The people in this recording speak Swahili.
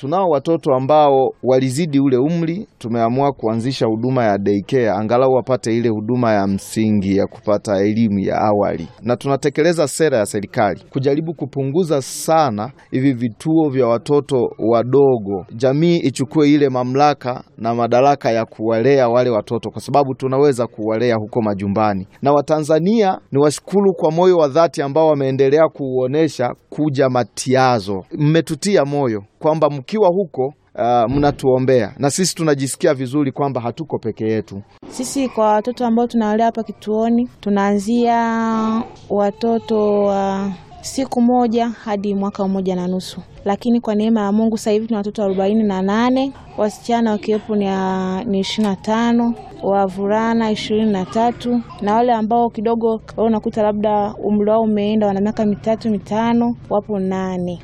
Tunao watoto ambao walizidi ule umri, tumeamua kuanzisha huduma ya daycare angalau wapate ile huduma ya msingi ya kupata elimu ya awali, na tunatekeleza sera ya serikali kujaribu kupunguza sana hivi vituo vya watoto wadogo. Jamii ichukue ile mamlaka na madaraka ya kuwalea wale watoto, kwa sababu tunaweza kuwalea huko majumbani. Na Watanzania ni washukuru kwa moyo wa dhati ambao wameendelea kuuonesha kuja Matiazo. Mmetutia moyo kwamba mkiwa huko Uh, mnatuombea na sisi tunajisikia vizuri kwamba hatuko peke yetu. Sisi kwa watoto ambao tunawalea hapa kituoni, tunaanzia watoto wa uh, siku moja hadi mwaka mmoja na nusu, lakini kwa neema ya Mungu sasa hivi tuna watoto arobaini na nane wasichana wakiwepo uh, ni ishirini na tano wavulana ishirini na tatu na wale ambao kidogo wao unakuta labda umri wao umeenda, wana miaka mitatu mitano, wapo nane.